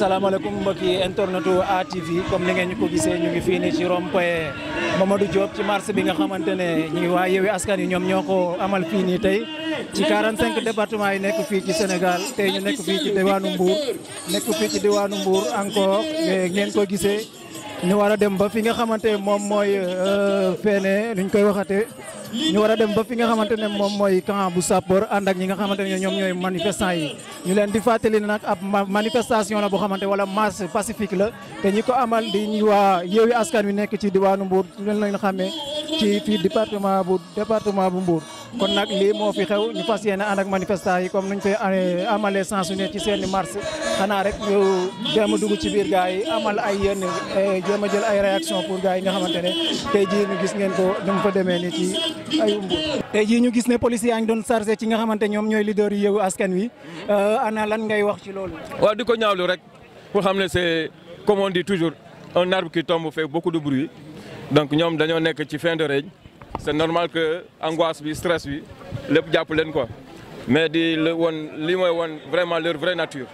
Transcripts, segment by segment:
asalaamaaleykum mbokki internetu ATV comme ni ngeen ñu ko gisee ñu ngi fii nii ci rond-point Mamadou Diop ci marché bi nga xamante ne ñu ngi waa Yewwi Askan Wi ñoom ñoo ko amal fii nii tey ci 45 départements yi nekk fii ci Sénégal te ñu nekk fii ci diwaanu Mbour nekk fii ci diwaanu Mbour encore ngeen ko gisee ñu war a dem ba fi nga xamante moom mooy euh, feene nuñ koy waxate ñu war a dem ba fi nga xamante ne moom mooy camp bu sapor ànd ak ñi nga xamante ne ñoom ñooy manifestant yi ñu leen di na nag ab manifestation la boo xamante wala marche pacifique la te ñi ko amal di ñu waa yeewi askan wi nekk ci diwaanu Mbour leen lañ xamee ci fii département bu département bu Mbour kon nag lii moo fi xew ñu fas yéene ànd ak manifestant yi comme nuñ koy amalee sans su ne ci seeni marche xanaa rek ñu jéem dugg ci biir gars yi amal ay yenn eh, jéem a jël ay réaction pour gars yi nga xamante ne tey jii ñu gis ngeen ko ni mu fa demee ni ci tay nous ñu gis ne police yaa ngi doon chargé ci nga xamante ñom ñoy leader yi Yewwi Askan Wi euh, ana lan ngay wax ci loolu. wa diko ñaawlu rek pour c'est comme on dit toujours un arbre qui tombe fait beaucoup de bruit donc ñom dañu nekk ci fin de règne c'est normal que angoisse bi stress bi lepp len quoi mais di ont won li vraiment leur vraie nature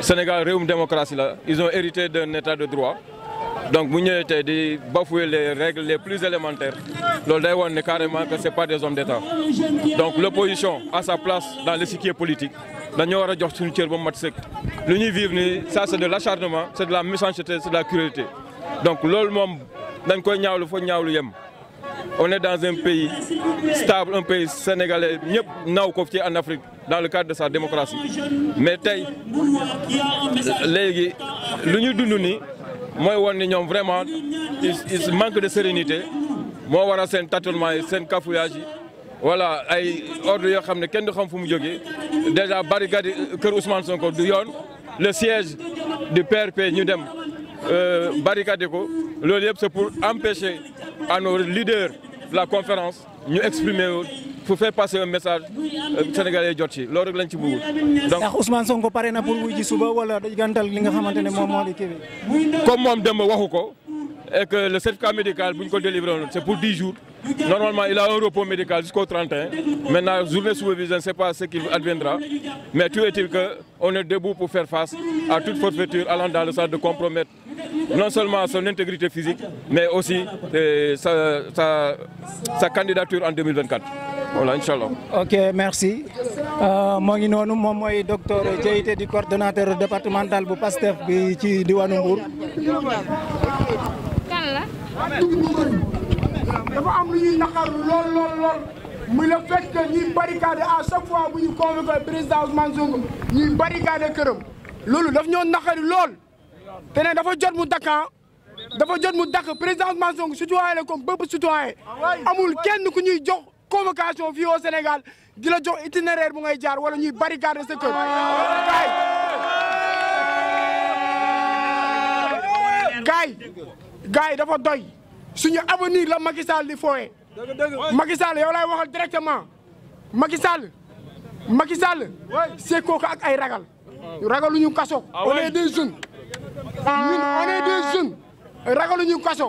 Sénégal une démocratie ils ont hérité d'un état de droit donc bu a tey les règles les plus élémentaires loolu day carrément que c'est pas des hommes d'État donc l'opposition a sa place dans l'échiquier politique Nous avons a jox suñu cër ba mu mat vivre ça c'est de l'acharnement c'est de la méchanceté c'est de la cruauté donc nous moom dañ koy ñaawlu fa ñaawlu on est dans un pays stable un pays sénégalais mieux naw ko en Afrique dans le cadre de sa démocratie mais tey léegi lu ñu dund moi, je vraiment il manque de sérénité mo wara un tatoulement c'est un cafouillage voilà ay ordre yo xamné kenn du xam fu mu déjà barricade de euh, Ousmane Sonko du le siège du PRP ñu dem euh, barricade ko Le yeb c'est pour empêcher à nos leaders de la conférence ñu exprimer pour faire passer un message euh, sénégalais et ci loolu Ousmane Sonko pour wuy souba wala li nga comme moi, je me et que le certificat médical délivré c'est pour 10 jours. Normalement, il a un repos médical jusqu'au 31. Maintenant, journée je ne sais pas ce qui adviendra. Mais tout est-il qu'on est debout pour faire face à toute forfaiture allant dans le sens de compromettre non seulement son intégrité physique, mais aussi euh, sa, sa candidature en 2024. voilà incha allah. ok merci euh, moo ngi noonu moom mooy docteur Diaité di coordonnateur départemental bu PASTEF bi ci diwaanu Mbour. kan la. dafa am lu ñuy naqaru lool lool muy le fait que ñuy barricade à chaque fois bu ñu convoqué président Ousmane Sonko ñuy barricade loolu daf ñoo naqari lool te ne dafa jot mu dakkan ah. dafa jot mu dakk président Ousmane Sonko la comme bépp citoyen amul kenn ku ñuy jox. convocation fii au Sénégal di la jox itinéraire bu ngay jaar wala ñuy barricade sa kër kaay kaay yi dafa doy suñu avenir la Macky Sall di fooye Macky Sall yow waxal directement Macky Sall Macky Sall c'est ay ragal ragaluñu kaso on est des ñun on est des jeunes ragaluñu kaso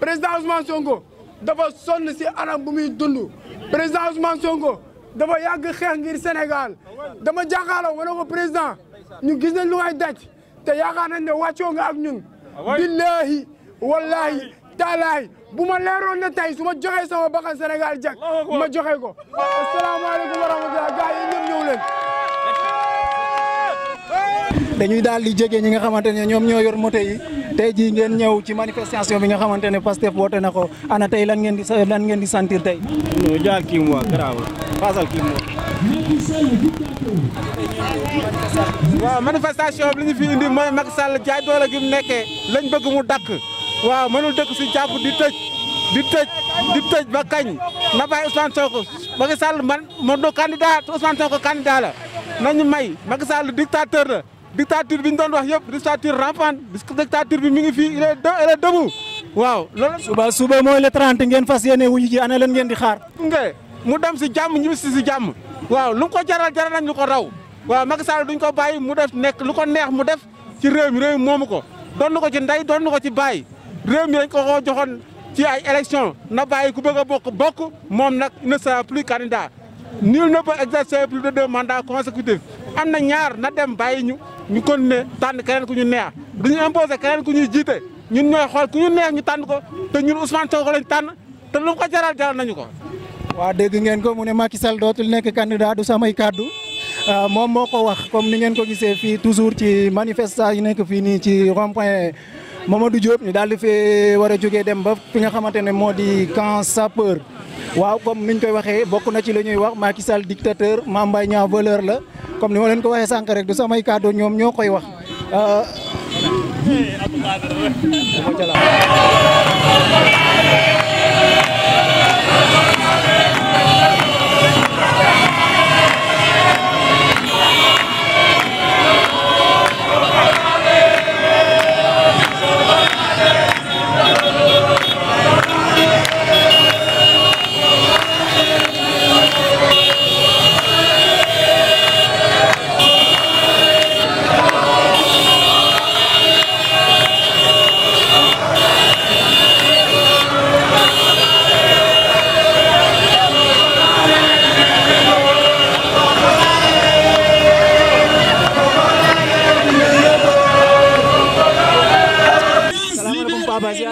président Ousmane Sonko dafa sonn si anam bu muy dund président Ousmane Sonko dafa yàgg xeex ngir Sénégal dama jàkkaarloo wala ko président ñu gis nañ lu ngay daj te yaakaar nañ ne wàccoo nga ak ñun billaahi wallaahi taalaay bu ma leeroon ne tey su ma joxee sama bakkan Sénégal jag ma joxe ko asalaamaaleykum wa rahmatulah gars yi ñëpp ñëw leen dañuy daal di jege ñi nga xamante ne ñoom ñoo yor moto yi tey jii ngeen ñëw ci manifestation bi nga xamante ne Pastef woote na ko ana tey lan ngeen di lan ngeen di sentir tey. non jaar mu waa garaaw faasal kii mu waaw manifestation bi li ñu fi indi mooy Macky Sall jaay doole gi mu nekkee lañ bëgg mu dakk waaw mënul dëkk si jàpp di tëj di tëj tëj ba kañ na bàyyi Ousmane Sonko Macky Sall man man du candidat Ousmane la nañu may Macky Sall dictateur la. dictature bi ñu doon wax yépp dictature rampante dictature bi mi ngi fi il est de il est debout waaw loolu suba suba moy le 30 ngeen fas yene wuñu ji ana lan ngeen di xaar nge mu dem ci jamm ñu ci ci jamm waaw lu ko jaral jaral nañ lu ko raw waaw Macky Sall duñ ko bayyi mu def nek lu ko neex mu def ci réew mi réew momu moomu ko donn ko ci ndey donn ko ci bayyi réew mi ko ko joxoon ci ay élection na bayyi ku bëgg bokk bokk mom nak ne sera plus candidat nul ne peut exercer plus de deux mandats consécutifs amna ñaar na dem bayyi ñu ñu continuer tànn keneen ku ñu neex ñu imposer keneen ku ñuy jiite ñun ñooy xool ku ñu neex ñu tànn ko te ñun Ousmane ko lañ tànn te lu mu ko jaral jaral nañu ko. waa dégg ngeen ko mu ne Macky Sall dootul nekk candidat du samay kàddu euh, moom moo ko wax comme ni ngeen ko gisee fii toujours ci manifestation yi nekk fii nii ci rond point Mamadou Diop ñu daal di fee war a jógee dem ba fi nga xamante ne moo di camp sapeur waaw comme niñ koy waxee bokk na ci la ñuy wax Macky Sall dictateur Mame Mbaye Niang voleur la. comme ni ma leen ko waxee sànq rek du samay kàddu ñoom ñoo koy wax.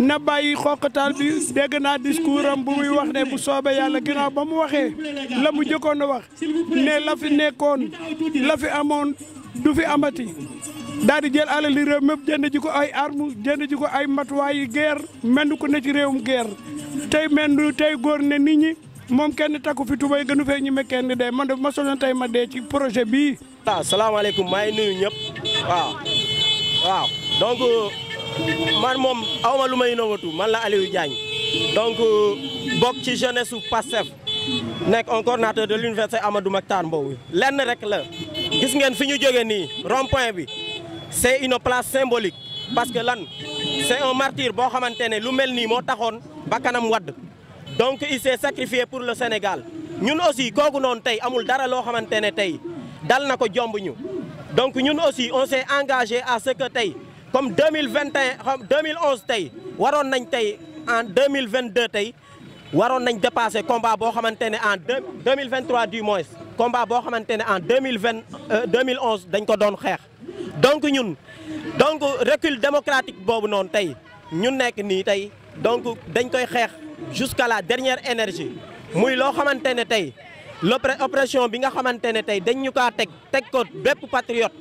na bàyyi xoqatal bi dégg naa discours am bu muy wax ne bu soobee yàlla ginnaaw ba mu waxee la mu jëkkoon a wax ne la fi nekkoon la fi amoon du fi amati daal di jël alal li réew mépp jënd ji ko ay arm jënd ji ko ay matuwaayu guerre mendu ko ne ci réewum guerre tey mendu tey góor ne nit ñi moom kenn takku fi tubay gënu fee ñi me kenn dee man de ma soxla tey ma dee ci projet bii. waaw ah, salaamaaleykum maa ngi nuyu ñëpp waaw waaw man mom awma lu may man la Aliou Diagne donc euh, bok ci jeunesse su PASTEF nekk un coordonnateur de l'université Amadou Mahtar Mbow lenn rek la gis ngeen fiñu ñu ni rond-point bi c'est une place symbolique parce que lan c'est un martyr bo xamantene lu mel nii moo taxoon bakkanam wadd donc il s'est sacrifié pour le Sénégal ñun aussi kogu non tay amul dara lo xamantene tay dal na jombu ñu donc ñun aussi on s'est engagé à ce que tay comme 2021 2011 tay, waron nañ tay en 2022 tay, waron nañ dépasser combat bo xamantene en 2023 du moins combat bo xamantene en 2020 2011 euh, dañ ko don xex. donc ñun donc recul démocratique bobu non tay, ñun nek ni tay, donc dañ koy xex jusqu'à la dernière énergie muy lo xamantene tay, L'opération l'oppression bi nga xamantene tay dañ ñu kaa tek ko bép patriote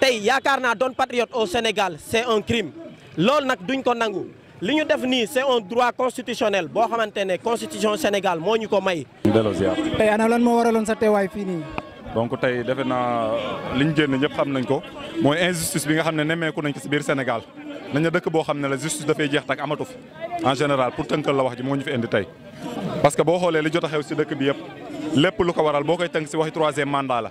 tay yakarna naa patriote au Sénégal c'est un crime loolu nak duñ ko nangu li ñu def ni c'est un droit constitutionnel bo xamantene constitution Sénégal moo ñu ko may. tay delloo ana lan mo waralon sa téway fi ni donc tay défé na li jenn ñep xam nañ ko mooy injustice bi nga xam ne nemmeeku nañ ci biir Sénégal nañ ne dëkk bo xamné la justice dafay jeex tak amatu fi en général pour teunkal la wax ji moo ñu fi indi tay parce que bo xolé li jot xew ci dëkk bi yépp lépp lu ko waral bokay koy ci waxi 3e mandat la.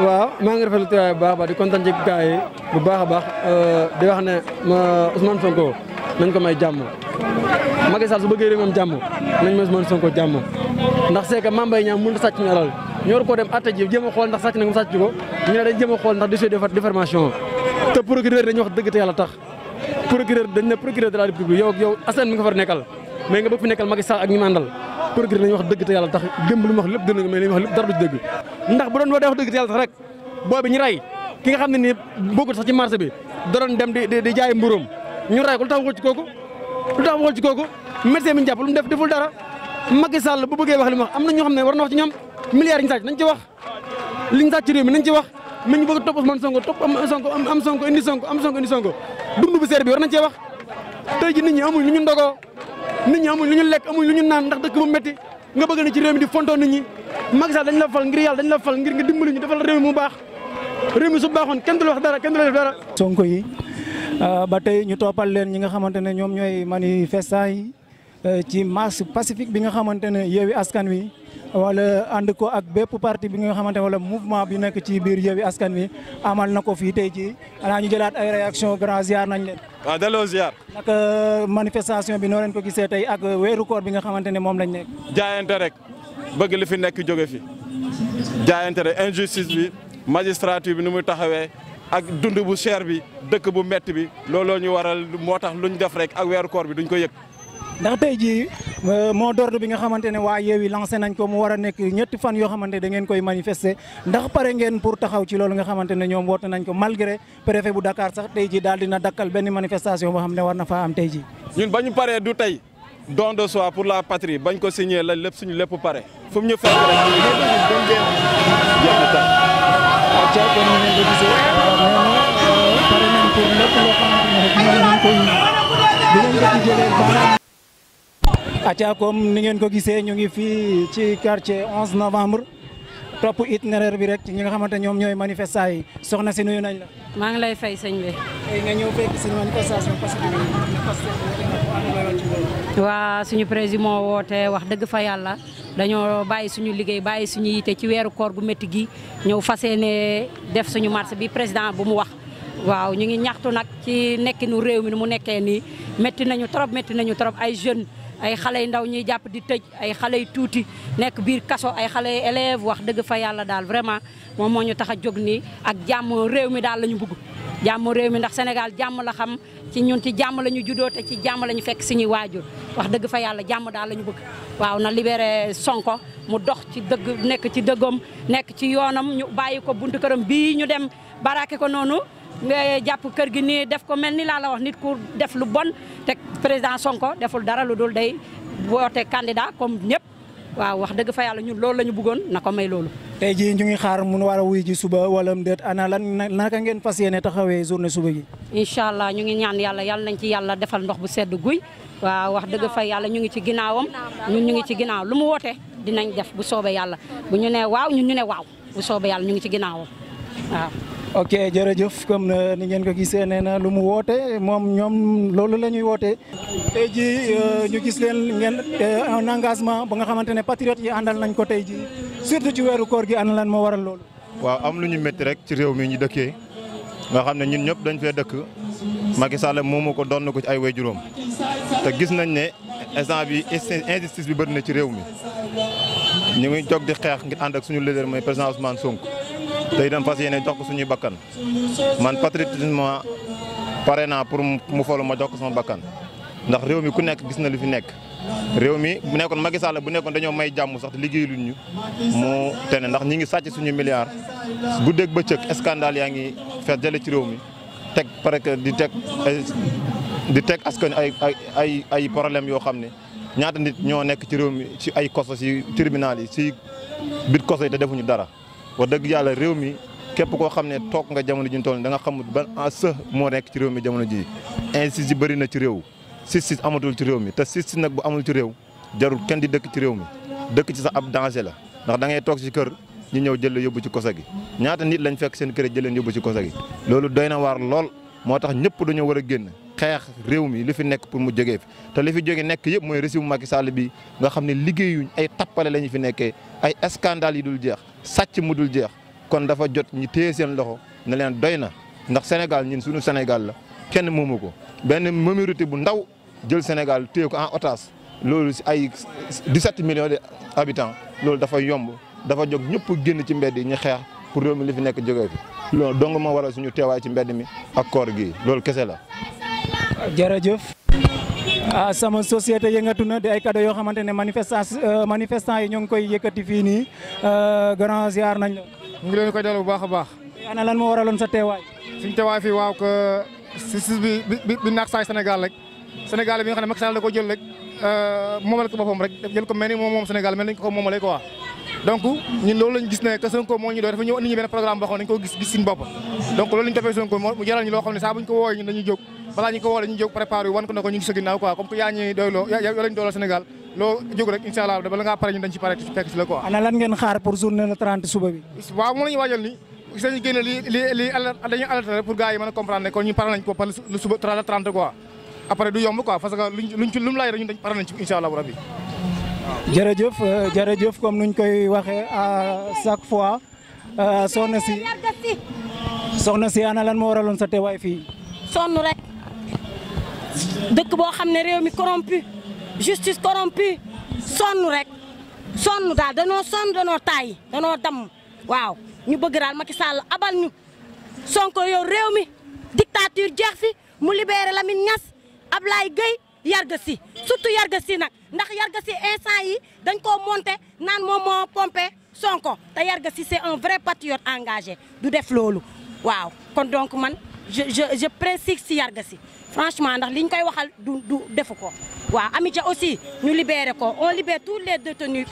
waaw maa ngi rafetlu teewaay bu baax a baax di kontaan ci gars yi bu baax a baax euh, di wax ne ma Ousmane Sonko nañ ko may jàmm Macky Sall su bëggee rek moom jàmm nañ ma Ousmane Sonko jàmm ndax c'est que Mame Mbaye Niang mënut a sàcc ñu alal ñor ko dem atta ji jëm a xool ndax sàcc na mu sàcc ko ñu ne dañ jëm a xool ndax dossier de déformation te procureur dañ wax dëgg te yàlla tax procureur dañ ne procureur de la république yow yow askan mi nga fa nekkal mais nga bëgg fi nekkal Macky Sall ak ñi ma àndal procureur nañu wax dëgg te yàlla tax démb lu mu wax lépp dëgg mais li mu wax lépp dara du ci dëgg ndax bu doon wax dëgg te yàlla tax rek boobu ñu rey ki nga xam ne nii bokkul sax ci marché bi doon dem di di jaay mburóom ñu rey ko lu tax waxul ci kooku lu tax waxul ci kooku médecin bi ñu jàpp lu mu def deful dara Macky bu bëggee wax li mu am na ñoo xam ne war na wax ci ñoom milliards ñu sàcc nañ ci wax li ñu sàcc ci réew mi nañ ci wax ni ñi amuñ lu ñu lekk amuñ lu ñu naan ndax dëkk bu métti nga bëgg na ci réew mi di fontoo nit ñi Macky Sall dañ la fal ngir yàlla dañ la fal ngir nga dimbali ñu defal réew mi mu baax réew mi su baaxoon kenn du la wax dara kenn la def dara. sonko yi ah, ba tey ñu toppal leen ñi nga xamante ne ñoom ñooy manifestants yi. Euh, ci marche pacifique bi nga xamante ne Yewwi Askan Wi wala ànd ko ak bépp parti bi nga xamante wala mouvement bi nekk ci biir Yewwi Askan Wi amal na ko fii tey jii xanaa ñu jëlaat ay réaction grand ziar nañ leen. waaw ah, delloo ziar. nag manifestation bi noo leen ko gisee tey ak weeru koor bi nga xamante ne moom lañ nekk. jaayante rek bëgg li fi nekk jóge fi jaayante rek injustice bi magistrature bi nu muy taxawee. ak dund bu cher bi dëkk bu metti bi looloo ñu waral moo tax luñ def rek ak weeru koor bi duñ ko yëg ndax tey jii moo d'ordre bi nga xamantene wa waa yeewi lancé nañ ko mu wara nek nekk fan yo xamantene da ngeen koy manifester ndax pare ngeen pour taxaw ci lolu nga xamantene ñom wot nañ ko malgré préfet bu Dakar sax tey jii daal dina dakal ben manifestation bo xamne war na fa am tey jii ñun bañu paré du tay don de soi pour la patrie bañ ko signer la lepp suñu lepp paré fu ñu fekk rek ñu ngeen yàlla tax acca kon ñu ngeen ko aca kom ni ngeen ko gisee ñu ngi fi ci quartier 11 novembre top itinéraire bi rek ñi nga xamantene ñom ñoy manifestay soxna ci nuyu nañ la. ma ngi lay fay sëñ bi. ay nga ñëw fekk ci manifestation parce que wa suñu président wote wax deug fa yalla dañoo bayyi suñu liggey bayyi suñu yité ci wéru koor bu metti gi ñew fas yéene def suñu marché bi président bu mu wax. waaw ñu ngi ñaxtu nak ci nekkinu réew mi mu nekké ni metti nañu trop metti nañu trop ay jeunes. ay xale yu ndaw ñuy jàpp di tëj ay xale yu tuuti nekk biir kaso ay xale yu wax dëgg fa yàlla daal vraiment moom moo ñu tax a jog nii ak jàmm réew mi daal la ñu bëgg jàmm réew mi ndax Sénégal jàmm la xam ci ñun ci jàmm la ñu juddoo ci jàmm la ñu fekk suñuy waajur wax dëgg fa yàlla jàmm daal la ñu bëgg waaw na libéré Sonko mu dox ci dëgg nekk ci dëggam nekk ci yoonam ñu bàyyi ko buntu këram bii ñu dem baraake ko noonu nga jàpp kër gi nii def ko mel ni laa la wax nit ku def lu bon te président Sonko deful dara lu dul day woote candidat comme ñëpp waaw wax dëgg fa yàlla ñun loolu la ñu bëggoon na ko may loolu. tey jii ñu ngi xaar mun war a wuy ji suba wala déet ana lan naka ngeen fas yéene taxawee journée suba gi. incha allah ñu ngi ñaan yàlla yàlla nañ ci yàlla defal ndox bu sedd guy. waaw wax dëgg fa yàlla ñu ngi ci ginnaawam ñun ñu ngi ci ginnaaw lu mu woote dinañ def bu soobee yàlla bu ñu nee waaw ñun ñu ne waaw bu soobee yàlla ñu ngi ci ginnaawam waaw. ok jërëjëf comme euh, ni ngeen ko gis nee na lu mu woote moom ñoom loolu la ñuy woote. tey jii euh, ñu gis leen ngeen un euh, engagement ba nga xamante ne patriotes yi àndal nañ ko tey jii surtout ci weeru koor gi ana lan moo waral loolu. waaw am lu ñu métti rek ci réew mi ñu dëkkee nga xam ne ñun ñëpp dañ fee dëkk Macky Sall moomu ko doon donn ko ci ay waajuram te gis nañ ne instant bi injustice bi bëri na ci réew mi ñu ngi jog di xeex ngir ànd ak suñu leader mooy président Ousmane tey dañ fas yéene jox ko suñuy bakkan man patriotisme pare naa pour mu folu ma jox ko sama bakkan ndax réew mi ku nekk gis na lu fi nekk. réew mi bu nekkoon Macky Sall bu nekkoon dañoo may jàmm sax te liggéey luñ ñu mu tene ndax ñi ngi suñuy sàcc bu milliards ba bëccëg scandale yaa ngi fees jële ci réew mi teg parce que di teg di teg askan ay ay ay ay problème yoo xam ne ñaata nit ñoo nekk ci réew mi ci ay koso si tribunal yi si biir koso yi te defuñu dara wax dëgg yàlla réew mi képp koo xam ne toog nga jamono ji ñu toll da nga xamul ban enjeu moo nekk ci réew mi jamono ji injustice yi bëri na ci réew justice amatul ci réew mi te si nag bu amul ci réew jarul kenn di dëkk ci réew mi dëkk ci sax ab danger la ndax da ngay toog ci kër ñu ñëw jël la yóbbu ci kosa gi ñaata nit lañ fekk seen kër jël leen yóbbu ci kosa loolu doy na waar lool moo tax ñëpp dañoo war a génn xeex réew mi li fi nekk pour mu jógee fi te li fi jóge nekk yëpp mooy régime Macky Sall bi nga xam ne liggéeyuñ ay tappale la ñu fi nekkee ay scandale yi dul jeex sàcc mu dul jeex kon dafa jot ñu téye seen loxo ne leen doy na ndax Sénégal ñun suñu Sénégal la kenn moomu ko benn minorité bu ndaw jël Sénégal téye ko en otage loolu si ay 17 millions de habitants loolu dafa yomb dafa jóg ñëpp génn ci mbedd yi ñu xeex pour réew mi li fi nekk jógee fi loolu dong moo waral suñu teewaay ci mbedd mi ak koor gi loolu kese la ah sama société yëngatu ya na di ay cadeau yo xamantene ne manifestation euh, manifestant yi ñong koy yëkëti fi ni euh grand ziar nañ la. ngi leen koy dalu bu baaxa baax. ana lan mo waralon sa téway suñ téway fi waaw que si si bi bi bi naag saay Sénégal rek Sénégal bi nga xamne ne Macky Sall da ko jël rek euh, momal ko bopom rek jël ko melni mom mom Sénégal melni ko momalé quoi. donc ñun loolu lañu gis ne que Sonko mo ñu do dafa ñu ñu benn programme bo xamne ko gis gis suñ bop donc loolu lañ toppee Sonko mu jaral ñu lo xamne sa buñ ko woy ñu dañuy jog balaa ñu ko woo dañuy jóg préparé wan ko ne ko ñu ngi sa ginnaaw quoi comme que yaa ñuy doyloo yaa lañ doyloo Sénégal loo jóg rek incha allah bala ngaa pare ñun dañ ci pare fekk si la quoi. ana la ñu a comprendre soxna si soxna si ana lan moo waraloon sa teewaay fii sonn dëkk boo xam ne corrompu justice corrompu sonn rek sonn daal danoo sonn danoo taay danoo Nous waaw ñu bëgg daal Macky abal ñu Sonko yow réew mi dictature jeex fi mu libérer Lamine Niass Ablaye surtout yarga si ndax yarga instant yi dañ monté naan moom moo pompé Sonko te c'est un vrai patriote engagé du def loolu waaw kon donc man je je je précise franchement ndax du du aussi nous on libère tous les détenus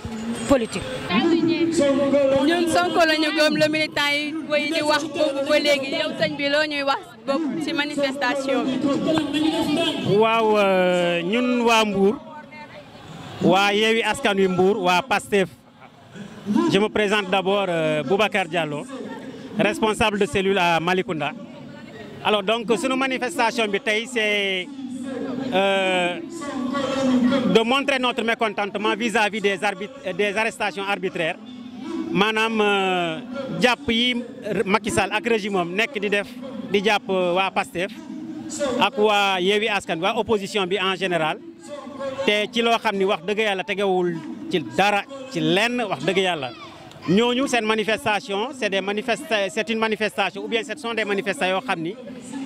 politiques. Nous sommes sommes le militant yi détenus wax PASTEF je me présente d'abord euh, Boubacar Diallo responsable de cellule à Malicounda alors donc ce nos manifestations, c'est euh, de montrer notre mécontentement vis-à-vis des arrestations arbitraires Madame euh, Diapi yi Macky Sall ak régime nek di def di japp euh, wa PASTEF ak wa yewi Askan wa opposition bi en général té ci lo xamni wax deug yalla tegewul ci dara ci lenn wax nous, manifestation c'est des c'est une manifestation ou bien ce sont des manifestations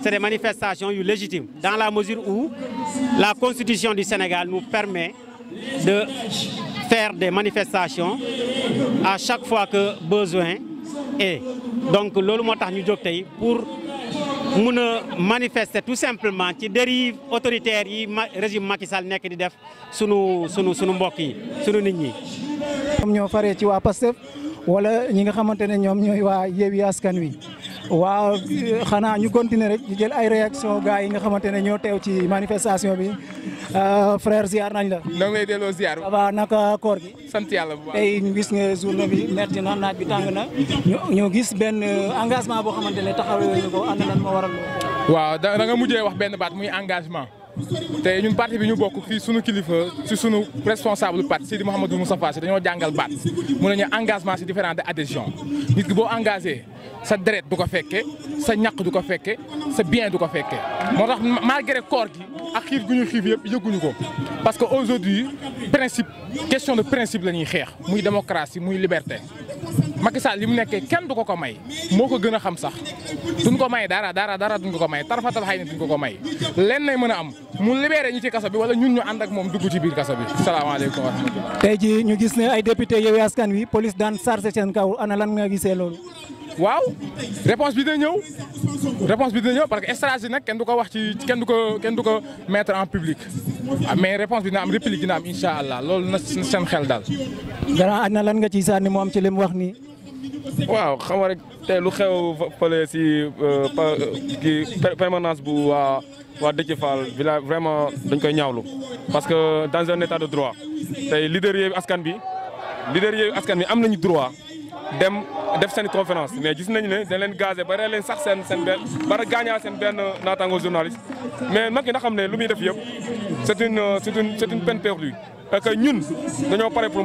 c'est des manifestations légitimes dans la mesure où la constitution du Sénégal nous permet de faire des manifestations à chaque fois que besoin est donc nous pour nous manifester tout simplement qui dérive autoritaire le régime Macky Sall nek di def sunu sunu sunu yi nit ci wala ñi nga xamante ne ñoom ñooy waa Yewwi Askan Wi waaw xanaa ñu continuer rek ñu jël ay réaction gars yi nga xamante ne ñoo teew ci manifestation bi euh, frère ziar nañ la. na ngay delloo ziar. waaw naka koor gi. sant yàlla tey ñu gis nga journée bi metti na naaj bi tàng na ñoo gis benn engagement boo xamante ne taxawee ñu ko ànd lan moo waral. waaw da nga mujjee wax benn baat muy engagement. te partie parti bi ñu bokk fii suñu kilifa si suñu responsable parti Sidi Mouhamadou Moustapha Sy dañoo baat mu ne engagement c'est différent de adhésion nit ki boo engagé sa deret du ko sa ñaq du ko sa bien du ko fekke malgré koor gi ak xiif gu ñu xiif yëpp ko parce que aujourd'hui principe question de principe la ñuy muy démocratie muy liberté Macky Sall li mu nekkee kenn du ko ko may moo ko gën a xam sax duñ ko may dara dara dara duñ ko ko may tara tarafatal xëy na duñ ko ko may lenn nay mën a am mu libéré ñi ci kaso bi wala ñun ñu ànd ak moom dugg ci biir kaso bi salaamaaleykum wa rahmatulah. tey jii ñu gis ne ay député Yewwi Askan Wi police daan chargé seen kaw ana lan nga gisee loolu. waaw réponse bi dina ñëw réponse bi dina ñëw parce que stratégie nag kenn du ko wax ci kenn du ko kenn ko mettre en public ah, mais réponse bi na am réplique dina am incha allah loolu na seen xel daal. dara ana lan nga ciy sànni mu am ci li wax nii. waaw xam nga rek tey lu xew fële si euh, kii permanence bu waa waa Déthié Fall village vraiment dañ koy ñaawlu parce que dans un état de droit tey leader yi askan bi leader yi askan bi am nañu droit dem def seen conférence mais gis nañu ne dañ leen gazé ba rey leen sax seen seen benn bara gaañaa seen benn naataango journaliste mais Macky na xam ne lu muy def yëpp c'est une euh, c'est une c'est une peine perdue et que ñun dañoo pare pour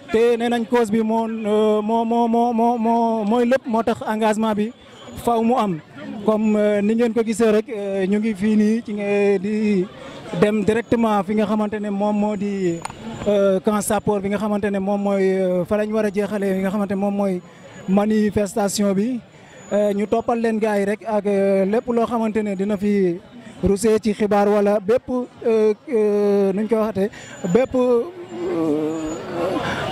te nee nañ cause bi moo moo moo moo moo mooy lépp moo tax engagement bi faw mu am comme euh, ni ngeen ko gisee rek euh, ñu ngi fii nii ci di dem directement fi nga xamante ne moom moo di euh, camp bi nga xamante ne moom mooy fa lañ war a jeexalee bi nga xamante ne moom mooy manifestation bi ñu toppal leen gars yi rek ak lépp loo xamante ne dina fi rusee ci xibaar wala bépp nuñ ko waxatee bépp.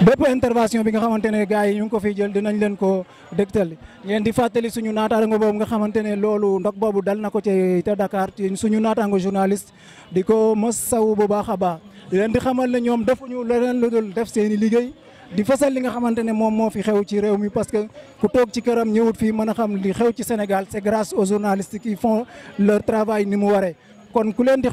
bépp intervention bi nga xamante ne gars yi ñu ngi ko fiy jël dinañ leen ko dégtal ngeen di fàttali suñu naataango boobu nga xamante ne loolu ndox boobu dal na ko ci te Dakar ci suñu naataango journaliste di ko masawu bu baax a baax di leen di xamal ne ñoom defuñu leneen lu dul def seen i liggéey di fasal li nga xamante ne moom moo fi xew ci réew mi parce que ku toog ci këram ñëwut fii mën a xam li xew ci Sénégal c'est grâce aux journalistes qui font leur travail ni mu waree kon ku leen di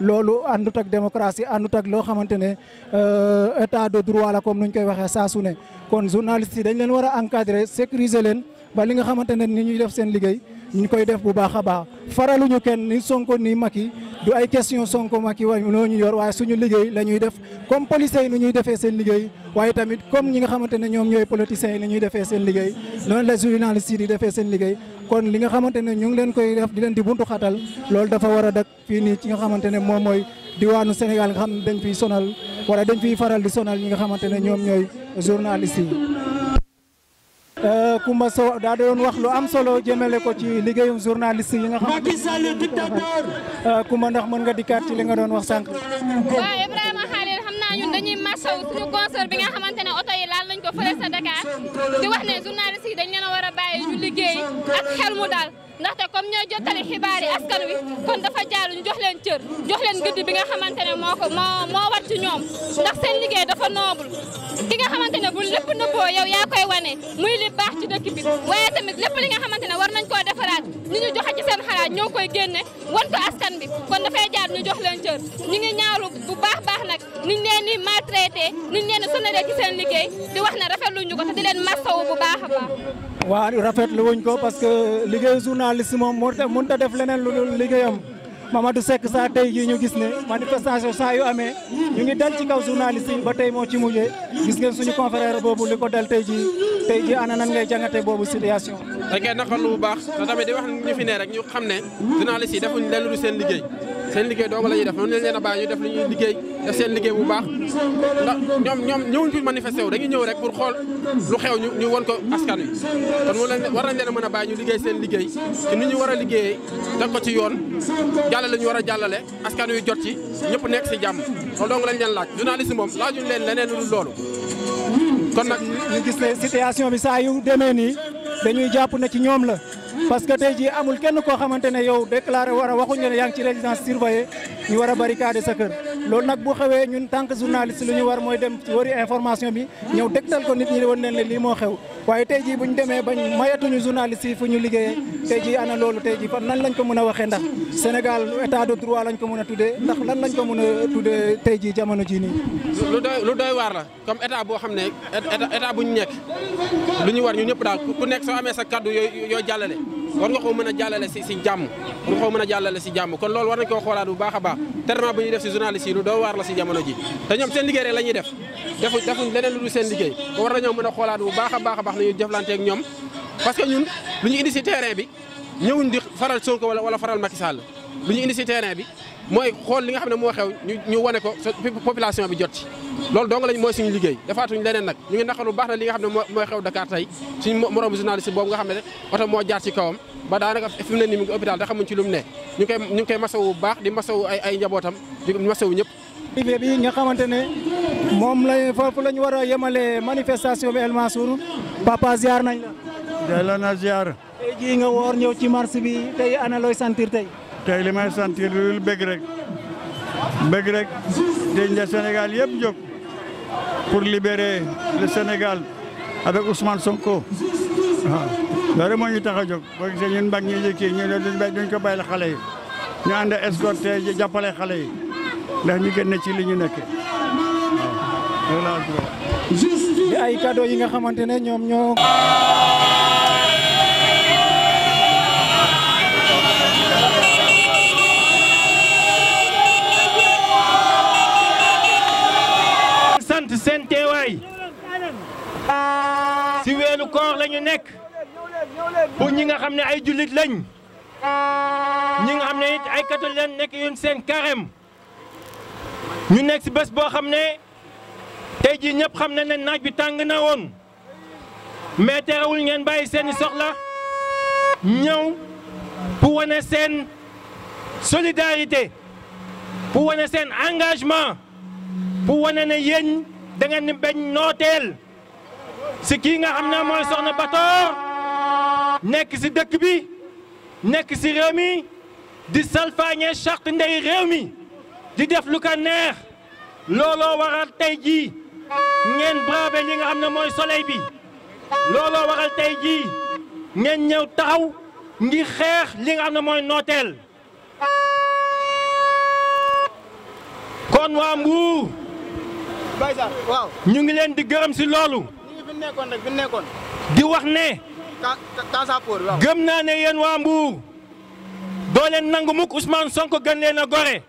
loolu àndut ak démocratie àndut ak loo xamante ne euh, état de droit la comme nuñ koy waxee saa su ne kon journalistes yi dañ leen war a encadrer sécuriser leen ba li nga xamante ne ni ñuy def seen liggéey. ñu koy def bu baax a baax faraluñu kenn ni Sonko nii Macky du ay question Sonko Macky wa noo ñu yor waaye suñu liggéey la ñuy def comme policiers yi nu ñuy defee seen liggéey waaye tamit comme ñi nga xamante ne ñoom ñooy politiciens yi ni ñuy defee seen liggéey noonu la journalistes yi di defee seen liggéey kon li nga xamante ne ñu ngi koy def di leen di buntu xatal loolu dafa war a dak fii nii ci nga xamante ne moom mooy diwaanu Sénégal nga xam dañ fiy sonal wala dañ fiy faral di sonal ñi nga xamante ne ñoom ñooy journalistes yi Eh, Koumba Sow daa doon wax lu am solo jëmale ko ci liggéeyum journaliste yi nga xam Macky Sall dictateur eh, Koumba ndax mën nga dikkaat ci li nga doon wax sànq waaw Ibrahima Khalil ñun dañuy massaw suñu bi nga yi laal nañ ko sa Dakar di wax ne journaliste yi dañ leen a war ñu liggéey ak xel mu ndaxte comme ñooy jottali xibaar askan wi kon dafa jaaru ñu jox cër jox leen bi nga xamante moo ko ci ñoom ndax seen liggéey dafa noobul ki nga xamante ne bu lépp nëbboo yow yaa koy wane muy li baax ci dëkk bi waaye tamit lépp li nga xamante ne war nañ koo defaraat ñu ñu joxe ci seen xalaat ñoo koy génne wan ko askan bi kon dafay jaar ñu jox leen cër ñu ngi ñaaru bu baax baax nag niñ leen di maltraité niñ leen ci seen liggéey di wax ne waaw rafetlu wuñ ko parce que liggéeyu journaliste moom mun a def leneen lu dul liggéeyam du Seck saa tey jii ñu gis ne manifestation saa yu amee ñu ngi dal ci kaw journaliste ba tey moo ci mujjee gis ngeen suñu confrère boobu li ko dal tey jii tey jii ana nan ngay jàngatee boobu situation. da ngay naqarlu bu baax te tamit di wax ñu fi ne rek ñu xam ne journaliste yi defuñ leen lu seen liggéey. seen liggéey dooga la ñuy def noonu leen leen a bàyyi def li ñuy liggéey def seen liggéey bu baax ndax ñoom ñoom ñëwuñ fi manifesté wu dañuy ñëw rek pour xool lu ñu ñu won ko askan wi kon mu leen war nañ leen a mën ñu liggéey seen liggéey ci ni ñu war a liggéeyee teg ko ci yoon jàllale ñu war a jàllale askan wi jot ci ñëpp nekk si jàmm loolu dong lañ leen laaj si moom laajuñ leen leneen lu loolu kon nag ñu gis ne situation bi saa yu demee nii dañuy jàpp na ci ñoom la parce que tey jii amul kenn ko xamante ne yow déclaré war a waxuñ ne yaa ngi ci résidence surveillée ñu loolu nag bu xewee ñun tant que journaliste lu ñu war mooy dem wari information bi ñëw dégtal ko nit ñi woon leen ne lii moo xew waaye tey ji bu ñu demee bañ mayatuñu journaliste yi fu ñu liggéeye tey jii ana loolu tey jii fan nan lañ ko mën a waxee ndax Sénégal état de droit lañ ko mën a tuddee ndax lan lañ ko mën a tuddee tey jii jamono jii nii. lu doy lu doy waar la comme état boo xam ne état bu ñu nekk lu ñu war ñu ñëpp daal ku nekk soo amee sa kaddu yooyu yoo jàllale. war nga koo mën a jàllale si si jàmm war nga koo mën a jàllale si jàmm kon loolu a baax traitement bu ñuy def si journaliste a xoolaat a a Sall lu ñu indi si terrain bi mooy xool li nga xam ne moo xew ñu ñu wane bi jot ci loolu dong lañ mooy suñu liggéey defaatuñ leneen nag ñu ngi naqar lu baax na li nga xam ne mooy xew Dakar tey suñu moromu journaliste boobu nga xam ne oto moo jaar ci kawam ba daanaka fi mu ne nii ngi hôpital te xamuñ ci lu ne ñu koy ñu ngi koy masawu bu baax di masawu ay ay njabootam di masawu ñëpp. privé bi nga xamante ne moom lañ foofu lañ war a yemale manifestation bi El Mansour papa nañ la. delloo na ziar. tey jii nga woor ñëw ci marché bi tey ana looy sentir tey. tey li may lu bëgg rek bëgg rek tey nja Sénégal yëpp jóg pour libérer le Sénégal avec Ousmane Sonko loolu moo ñu tax a jóg boo gisee ñun mag ñi njëkkee ñu bay duñ ko bàyyil xale yi ñu ànd escorté jàppale xale yi ndax ñu gën na ci li ñu nekk waaw loolu di ay cadeau yi nga xamante ne ñoom ñoo. sant seen teewaay si weeru koor la nekk. pour ñi nga xam ne ay jullit lañ ñi nga xam ne it ay catholique lañ nekk yun seen carême ñu nekk si bés boo xam ne tey jii ñëpp xam na ne naaj wi tàng na woon mais terewul ngeen bàyyi seeni soxla ñëw pour wane seen solidarité pour wane seen engagement pour wane ne yéen da ngeen ni bañ nooteel si kii nga xam ne mooy soxna Batoor nekk ci dëkk bi nekk ci réew mi di salfaañee charte ndey réew mi di def lu ko neex looloo waral tey jii ngeen bravé li nga am ne mooy soleil bi looloo waral tey jii ngeen ñëw taxaw ngir xeex li nga xam ne mooy nooteel kon waa Mbour ñu ngi leen di gërëm ci loolu di wax ne gëm naa ne waa doo leen nangu Ousmane Sonko gën leen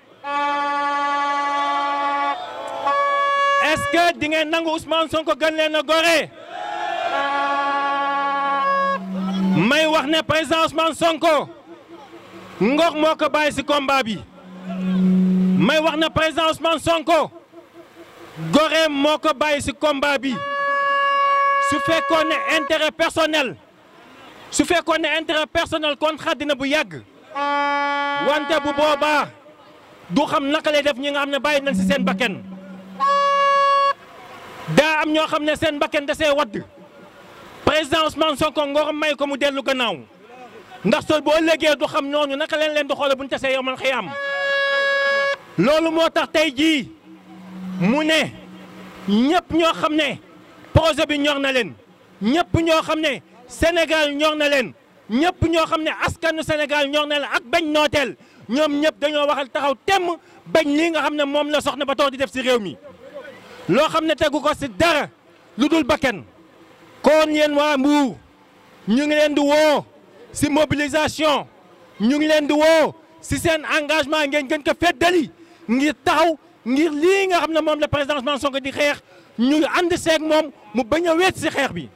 est-ce que di ngeen nangu Ousmane Sonko gën leen a gore may wax ne président Ousmane Sonko ngox moo ko bàyyi ci combat bi may wax ne président Ousmane Sonko gore moo ko bàyyi ci combat bi su fekkoon ne intérêt personnel su fekkoon ne intérêt personnel kon xàddina bu yàgg wante bu boobaa du xam naka lay def ñi nga xam ne bàyyi nañ si seen bakken daa am ñoo xam ne seen bakken da see wadd président Ousmane Sonko ngorom may ko mu dellu gannaaw ndax sol boo léegee du xam ñooñu naka leen leen di xoole bu ñu tasee yomal xiyaam loolu moo tax tey jii mu ne ñëpp ñoo xam ne projet bi ñor na leen ñépp ñoo xam ne Sénégal ñornalen ñepp ño xamné askanu Sénégal ñornal ak bañ nooteel ñom ñepp dañoo waxal taxaw tém bañ lii nga xamné mom la soxna ba taw di def ci réew mi lo xamné ne ko ci dara lu bakken kon yéen waa Mbour ñu ngi leen di wo ci mobilisation ñu ngi leen di wo ci sen engagement ngeen gën ko feddali ngir taxaw ngir li nga xamné mom la présidence man songu di xex ñu and sék mom mu baña wét ci xex bi